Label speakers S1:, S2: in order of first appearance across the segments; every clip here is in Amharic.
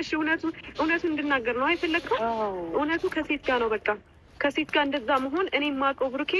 S1: እሺ እውነቱ እውነቱ እንድናገር ነው አይፈለግከው? እውነቱ ከሴት ጋር ነው። በቃ ከሴት ጋር እንደዛ መሆን እኔ የማውቀው ብሩኬ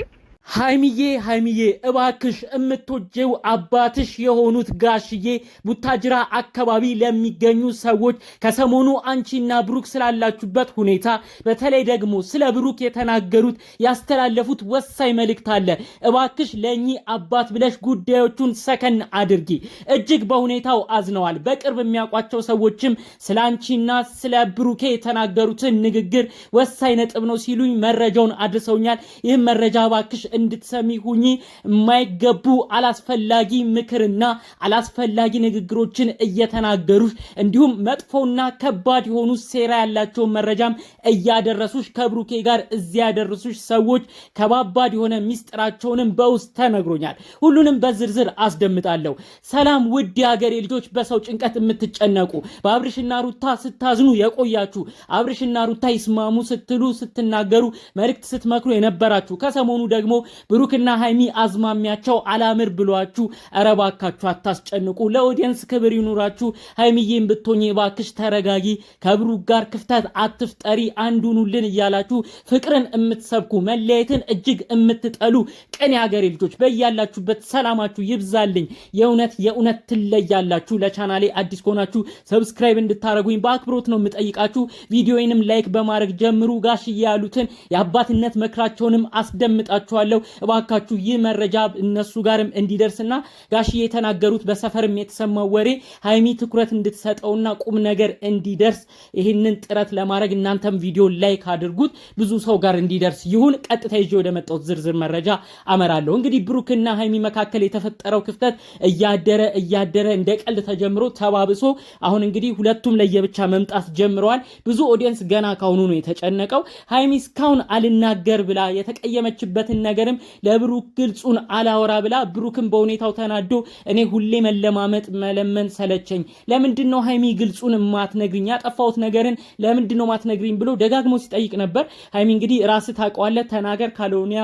S2: ሀይሚዬ ሀይሚዬ እባክሽ የምትወጀው አባትሽ የሆኑት ጋሽዬ ቡታጅራ አካባቢ ለሚገኙ ሰዎች ከሰሞኑ አንቺና ብሩክ ስላላችሁበት ሁኔታ በተለይ ደግሞ ስለ ብሩክ የተናገሩት ያስተላለፉት ወሳኝ መልእክት አለ። እባክሽ ለእኚህ አባት ብለሽ ጉዳዮቹን ሰከን አድርጊ። እጅግ በሁኔታው አዝነዋል። በቅርብ የሚያውቋቸው ሰዎችም ስለ አንቺና ስለ ብሩኬ የተናገሩትን ንግግር ወሳኝ ነጥብ ነው ሲሉኝ መረጃውን አድርሰውኛል። ይህም መረጃ እባክሽ እንድትሰሚ ሁኚ። የማይገቡ አላስፈላጊ ምክርና አላስፈላጊ ንግግሮችን እየተናገሩሽ እንዲሁም መጥፎና ከባድ የሆኑ ሴራ ያላቸውን መረጃም እያደረሱሽ ከብሩኬ ጋር እዚያ ያደረሱሽ ሰዎች ከባባድ የሆነ ሚስጥራቸውንም በውስጥ ተነግሮኛል። ሁሉንም በዝርዝር አስደምጣለሁ። ሰላም ውድ የሀገሬ ልጆች፣ በሰው ጭንቀት የምትጨነቁ በአብርሽና ሩታ ስታዝኑ የቆያችሁ አብርሽና ሩታ ይስማሙ ስትሉ ስትናገሩ መልእክት ስትመክሩ የነበራችሁ ከሰሞኑ ደግሞ ብሩክና ሀይሚ አዝማሚያቸው አላምር ብሏችሁ እረባካችሁ አታስጨንቁ። ለኦዲየንስ ክብር ይኑራችሁ። ሀይሚዬን ብትሆኝ ባክሽ ተረጋጊ፣ ከብሩክ ጋር ክፍተት አትፍጠሪ፣ አንዱኑልን እያላችሁ ፍቅርን የምትሰብኩ መለያየትን እጅግ የምትጠሉ ቅን የሀገሬ ልጆች በያላችሁበት ሰላማችሁ ይብዛልኝ። የእውነት የእውነት ትለያላችሁ። ለቻናሌ አዲስ ከሆናችሁ ሰብስክራይብ እንድታደረጉኝ በአክብሮት ነው የምጠይቃችሁ። ቪዲዮንም ላይክ በማድረግ ጀምሩ። ጋሽዬ ያሉትን የአባትነት መክራቸውንም አስደምጣችኋል። እፈልጋለሁ። እባካችሁ ይህ መረጃ እነሱ ጋርም እንዲደርስና ጋሽዬ የተናገሩት በሰፈርም የተሰማው ወሬ ሀይሚ ትኩረት እንድትሰጠውና ቁም ነገር እንዲደርስ ይህንን ጥረት ለማድረግ እናንተም ቪዲዮ ላይክ አድርጉት፣ ብዙ ሰው ጋር እንዲደርስ ይሁን። ቀጥታ ይዤ ወደ መጣሁት ዝርዝር መረጃ አመራለሁ። እንግዲህ ብሩክና ሀይሚ መካከል የተፈጠረው ክፍተት እያደረ እያደረ እንደ ቀልድ ተጀምሮ ተባብሶ አሁን እንግዲህ ሁለቱም ለየብቻ መምጣት ጀምረዋል። ብዙ ኦዲየንስ ገና ካሁኑ ነው የተጨነቀው። ሀይሚ እስካሁን አልናገር ብላ የተቀየመችበትን ነገር ነገርም ለብሩክ ግልጹን አላወራ ብላ ብሩክን በሁኔታው ተናዶ እኔ ሁሌ መለማመጥ መለመን ሰለቸኝ፣ ለምንድን ነው ሀይሚ ግልጹን ማትነግርኝ ያጠፋሁት ነገርን ለምንድን ነው ማትነግሪኝ ብሎ ደጋግሞ ሲጠይቅ ነበር። ሀይሚ እንግዲህ ራስ ታውቀዋለህ፣ ተናገር ካልሆነ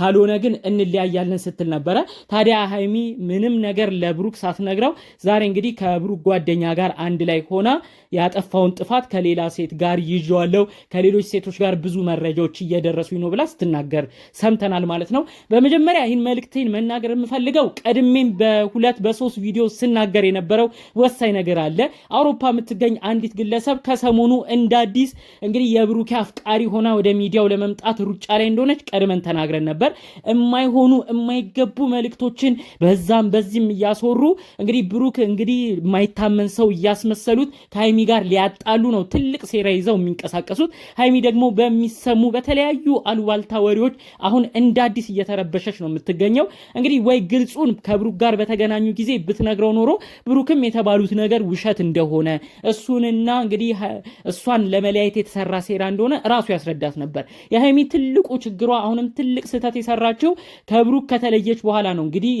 S2: ካልሆነ ግን እንለያያለን ስትል ነበረ። ታዲያ ሀይሚ ምንም ነገር ለብሩክ ሳትነግረው ዛሬ እንግዲህ ከብሩክ ጓደኛ ጋር አንድ ላይ ሆና ያጠፋውን ጥፋት ከሌላ ሴት ጋር ይዤዋለሁ፣ ከሌሎች ሴቶች ጋር ብዙ መረጃዎች እየደረሱኝ ነው ብላ ስትናገር ሰምተናል ማለት ነው። በመጀመሪያ ይህን መልእክቴን መናገር የምፈልገው ቀድሜም በሁለት በሶስት ቪዲዮ ስናገር የነበረው ወሳኝ ነገር አለ። አውሮፓ የምትገኝ አንዲት ግለሰብ ከሰሞኑ እንደ አዲስ እንግዲህ የብሩኬ አፍቃሪ ሆና ወደ ሚዲያው ለመምጣት ሩጫ ላይ እንደሆነች ቀድመን ተናግረን ነበር። ነበር። የማይሆኑ የማይገቡ መልእክቶችን በዛም በዚህም እያስወሩ እንግዲህ ብሩክ እንግዲህ የማይታመን ሰው እያስመሰሉት ከሀይሚ ጋር ሊያጣሉ ነው ትልቅ ሴራ ይዘው የሚንቀሳቀሱት። ሀይሚ ደግሞ በሚሰሙ በተለያዩ አሉባልታ ወሬዎች አሁን እንደ አዲስ እየተረበሸች ነው የምትገኘው። እንግዲህ ወይ ግልጹን ከብሩክ ጋር በተገናኙ ጊዜ ብትነግረው ኖሮ ብሩክም የተባሉት ነገር ውሸት እንደሆነ እሱንና እንግዲህ እሷን ለመለያየት የተሰራ ሴራ እንደሆነ ራሱ ያስረዳት ነበር። የሀይሚ ትልቁ ችግሯ አሁንም ትልቅ ስህተት የሰራችው ከብሩክ ከተለየች በኋላ ነው። እንግዲህ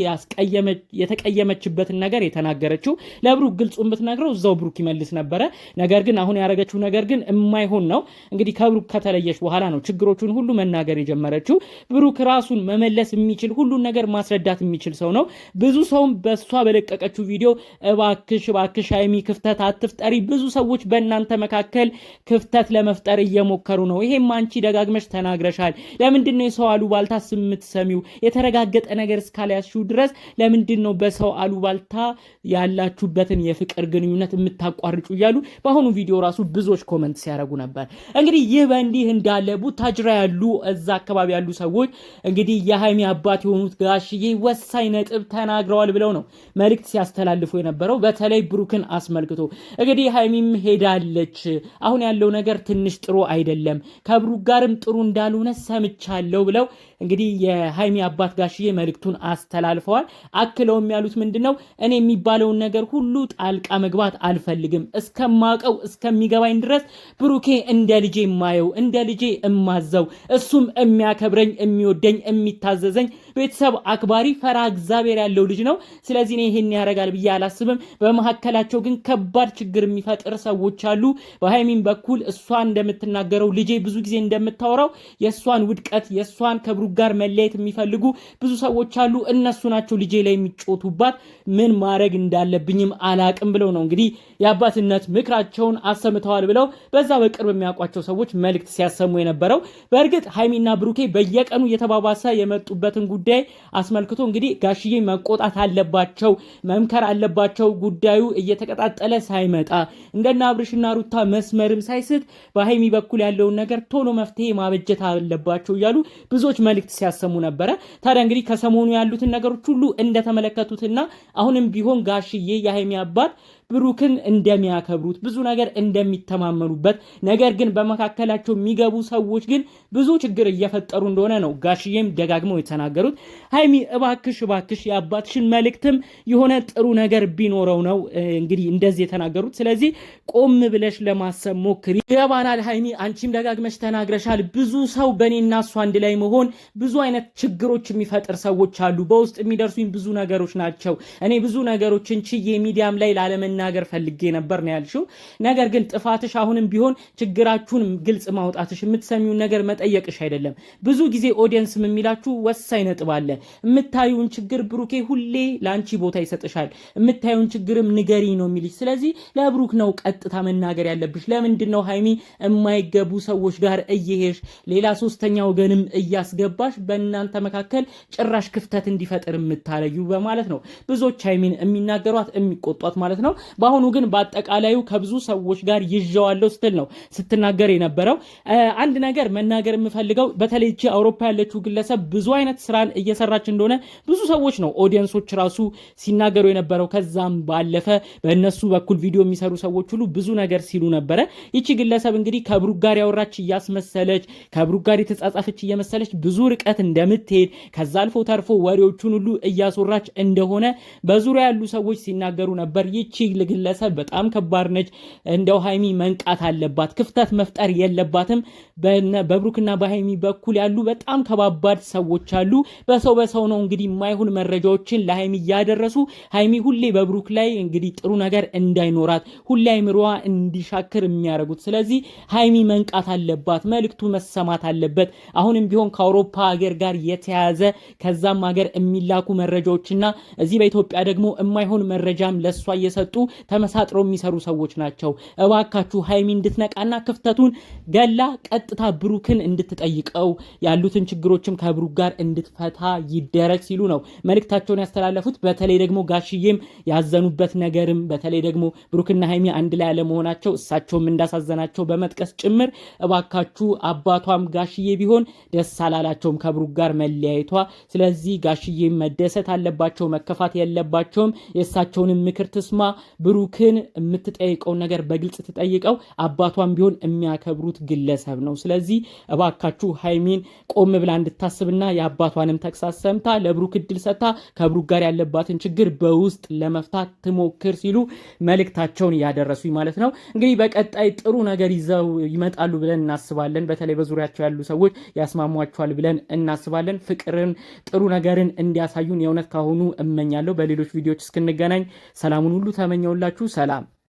S2: የተቀየመችበትን ነገር የተናገረችው ለብሩክ ግልጹ የምትነግረው እዛው ብሩክ ይመልስ ነበረ። ነገር ግን አሁን ያደረገችው ነገር ግን የማይሆን ነው። እንግዲህ ከብሩክ ከተለየች በኋላ ነው ችግሮቹን ሁሉ መናገር የጀመረችው። ብሩክ ራሱን መመለስ የሚችል ሁሉን ነገር ማስረዳት የሚችል ሰው ነው። ብዙ ሰውም በእሷ በለቀቀችው ቪዲዮ እባክሽ እባክሽ ሀይሚ ክፍተት አትፍጠሪ፣ ብዙ ሰዎች በእናንተ መካከል ክፍተት ለመፍጠር እየሞከሩ ነው፣ ይሄም አንቺ ደጋግመሽ ተናግረሻል፣ ለምንድነው የሰው የሰው አሉባልታ የምትሰሚው የተረጋገጠ ነገር እስካልያችሁ ድረስ ለምንድን ነው በሰው አሉባልታ ያላችሁበትን የፍቅር ግንኙነት የምታቋርጩ? እያሉ በአሁኑ ቪዲዮ ራሱ ብዙዎች ኮመንት ሲያደርጉ ነበር። እንግዲህ ይህ በእንዲህ እንዳለ ቡታጅራ ያሉ እዛ አካባቢ ያሉ ሰዎች እንግዲህ የሀይሚ አባት የሆኑት ጋሽዬ ወሳኝ ነጥብ ተናግረዋል ብለው ነው መልእክት ሲያስተላልፉ የነበረው በተለይ ብሩክን አስመልክቶ እንግዲህ ሀይሚም ሄዳለች። አሁን ያለው ነገር ትንሽ ጥሩ አይደለም፣ ከብሩክ ጋርም ጥሩ እንዳልሆነ ሰምቻለሁ ብለው እንግዲህ የሀይሚ አባት ጋሽዬ መልእክቱን አስተላልፈዋል። አክለውም ያሉት ምንድን ነው እኔ የሚባለውን ነገር ሁሉ ጣልቃ መግባት አልፈልግም። እስከማውቀው እስከሚገባኝ ድረስ ብሩኬ እንደ ልጄ የማየው እንደ ልጄ እማዘው እሱም የሚያከብረኝ የሚወደኝ የሚታዘዘኝ ቤተሰብ አክባሪ ፈራ እግዚአብሔር ያለው ልጅ ነው። ስለዚህ እኔ ይሄን ያደርጋል ብዬ አላስብም። በመካከላቸው ግን ከባድ ችግር የሚፈጥር ሰዎች አሉ። በሀይሚን በኩል እሷ እንደምትናገረው ልጄ ብዙ ጊዜ እንደምታወራው የእሷን ውድቀት የእሷን ከብሩ ጋር መለየት የሚፈልጉ ብዙ ሰዎች አሉ። እነሱ ናቸው ልጄ ላይ የሚጮቱባት። ምን ማድረግ እንዳለብኝም አላቅም ብለው ነው እንግዲህ የአባትነት ምክራቸውን አሰምተዋል ብለው በዛ በቅርብ የሚያውቋቸው ሰዎች መልእክት ሲያሰሙ የነበረው። በእርግጥ ሀይሚና ብሩኬ በየቀኑ እየተባባሰ የመጡበትን ጉዳይ አስመልክቶ እንግዲህ ጋሽዬ መቆጣት አለባቸው፣ መምከር አለባቸው። ጉዳዩ እየተቀጣጠለ ሳይመጣ እንደና አብርሽና ሩታ መስመርም ሳይስት በሀይሚ በኩል ያለውን ነገር ቶሎ መፍትሄ ማበጀት አለባቸው እያሉ ብዙዎች መልእክት ሲያሰሙ ነበረ። ታዲያ እንግዲህ ከሰሞኑ ያሉትን ነገሮች ሁሉ እንደተመለከቱትና አሁንም ቢሆን ጋሽዬ የሀይሚ አባት ብሩክን እንደሚያከብሩት ብዙ ነገር እንደሚተማመኑበት፣ ነገር ግን በመካከላቸው የሚገቡ ሰዎች ግን ብዙ ችግር እየፈጠሩ እንደሆነ ነው ጋሽዬም ደጋግመው የተናገሩት። ሀይሚ እባክሽ እባክሽ የአባትሽን መልእክትም የሆነ ጥሩ ነገር ቢኖረው ነው እንግዲህ እንደዚህ የተናገሩት። ስለዚህ ቆም ብለሽ ለማሰብ ሞክሪ። ይገባናል ሀይሚ፣ አንቺም ደጋግመሽ ተናግረሻል። ብዙ ሰው በእኔና እሱ አንድ ላይ መሆን ብዙ አይነት ችግሮች የሚፈጥር ሰዎች አሉ። በውስጥ የሚደርሱኝ ብዙ ነገሮች ናቸው። እኔ ብዙ ነገሮችን ችዬ ሚዲያም ላይ ላለመና ለመናገር ፈልጌ ነበር ነው ያልሽው። ነገር ግን ጥፋትሽ አሁንም ቢሆን ችግራችሁን ግልጽ ማውጣትሽ፣ የምትሰሚውን ነገር መጠየቅሽ አይደለም። ብዙ ጊዜ ኦዲየንስም የሚላችሁ ወሳኝ ነጥብ አለ። የምታዩውን ችግር ብሩኬ ሁሌ ለአንቺ ቦታ ይሰጥሻል። የምታዩን ችግርም ንገሪ ነው የሚልሽ። ስለዚህ ለብሩክ ነው ቀጥታ መናገር ያለብሽ። ለምንድን ነው ሀይሚ የማይገቡ ሰዎች ጋር እየሄሽ ሌላ ሶስተኛ ወገንም እያስገባሽ በእናንተ መካከል ጭራሽ ክፍተት እንዲፈጥር የምታለዩ በማለት ነው ብዙዎች ሀይሚን የሚናገሯት የሚቆጧት ማለት ነው። በአሁኑ ግን በአጠቃላዩ ከብዙ ሰዎች ጋር ይዣዋለሁ ስትል ነው ስትናገር የነበረው። አንድ ነገር መናገር የምፈልገው በተለይ ቺ አውሮፓ ያለችው ግለሰብ ብዙ አይነት ስራን እየሰራች እንደሆነ ብዙ ሰዎች ነው ኦዲየንሶች ራሱ ሲናገሩ የነበረው። ከዛም ባለፈ በእነሱ በኩል ቪዲዮ የሚሰሩ ሰዎች ሁሉ ብዙ ነገር ሲሉ ነበረ። ይቺ ግለሰብ እንግዲህ ከብሩክ ጋር ያወራች እያስመሰለች ከብሩክ ጋር የተጻጻፈች እየመሰለች ብዙ ርቀት እንደምትሄድ ከዛ አልፎ ተርፎ ወሬዎቹን ሁሉ እያስወራች እንደሆነ በዙሪያ ያሉ ሰዎች ሲናገሩ ነበር። ይቺ ለግለሰብ በጣም ከባድ ነች። እንደው ሀይሚ መንቃት አለባት። ክፍተት መፍጠር የለባትም። በብሩክና በሀይሚ በኩል ያሉ በጣም ከባባድ ሰዎች አሉ። በሰው በሰው ነው እንግዲህ የማይሆን መረጃዎችን ለሀይሚ እያደረሱ ሀይሚ ሁሌ በብሩክ ላይ እንግዲህ ጥሩ ነገር እንዳይኖራት ሁሌ አይምሮዋ እንዲሻክር የሚያደርጉት። ስለዚህ ሀይሚ መንቃት አለባት። መልእክቱ መሰማት አለበት። አሁንም ቢሆን ከአውሮፓ ሀገር ጋር የተያዘ ከዛም ሀገር የሚላኩ መረጃዎችና እዚህ በኢትዮጵያ ደግሞ የማይሆን መረጃም ለእሷ እየሰጡ ተመሳጥረው የሚሰሩ ሰዎች ናቸው። እባካችሁ ሀይሚ እንድትነቃና ክፍተቱን ገላ ቀጥታ ብሩክን እንድትጠይቀው ያሉትን ችግሮችም ከብሩክ ጋር እንድትፈታ ይደረግ ሲሉ ነው መልእክታቸውን ያስተላለፉት። በተለይ ደግሞ ጋሽዬም ያዘኑበት ነገርም በተለይ ደግሞ ብሩክና ሀይሚ አንድ ላይ አለመሆናቸው እሳቸውም እንዳሳዘናቸው በመጥቀስ ጭምር እባካችሁ አባቷም ጋሽዬ ቢሆን ደስ አላላቸውም ከብሩክ ጋር መለያየቷ። ስለዚህ ጋሽዬም መደሰት አለባቸው፣ መከፋት የለባቸውም። የእሳቸውንም ምክር ትስማ ብሩክን የምትጠይቀውን ነገር በግልጽ ትጠይቀው። አባቷን ቢሆን የሚያከብሩት ግለሰብ ነው። ስለዚህ እባካችሁ ሀይሚን ቆም ብላ እንድታስብና የአባቷንም ተግሳስ ሰምታ ለብሩክ እድል ሰጥታ ከብሩክ ጋር ያለባትን ችግር በውስጥ ለመፍታት ትሞክር ሲሉ መልእክታቸውን እያደረሱ ማለት ነው። እንግዲህ በቀጣይ ጥሩ ነገር ይዘው ይመጣሉ ብለን እናስባለን። በተለይ በዙሪያቸው ያሉ ሰዎች ያስማሟቸዋል ብለን እናስባለን። ፍቅርን፣ ጥሩ ነገርን እንዲያሳዩን የእውነት ካሁኑ እመኛለሁ። በሌሎች ቪዲዮዎች እስክንገናኝ ሰላሙን ሁሉ ተመኘው። ተመኘሁላችሁ። ሰላም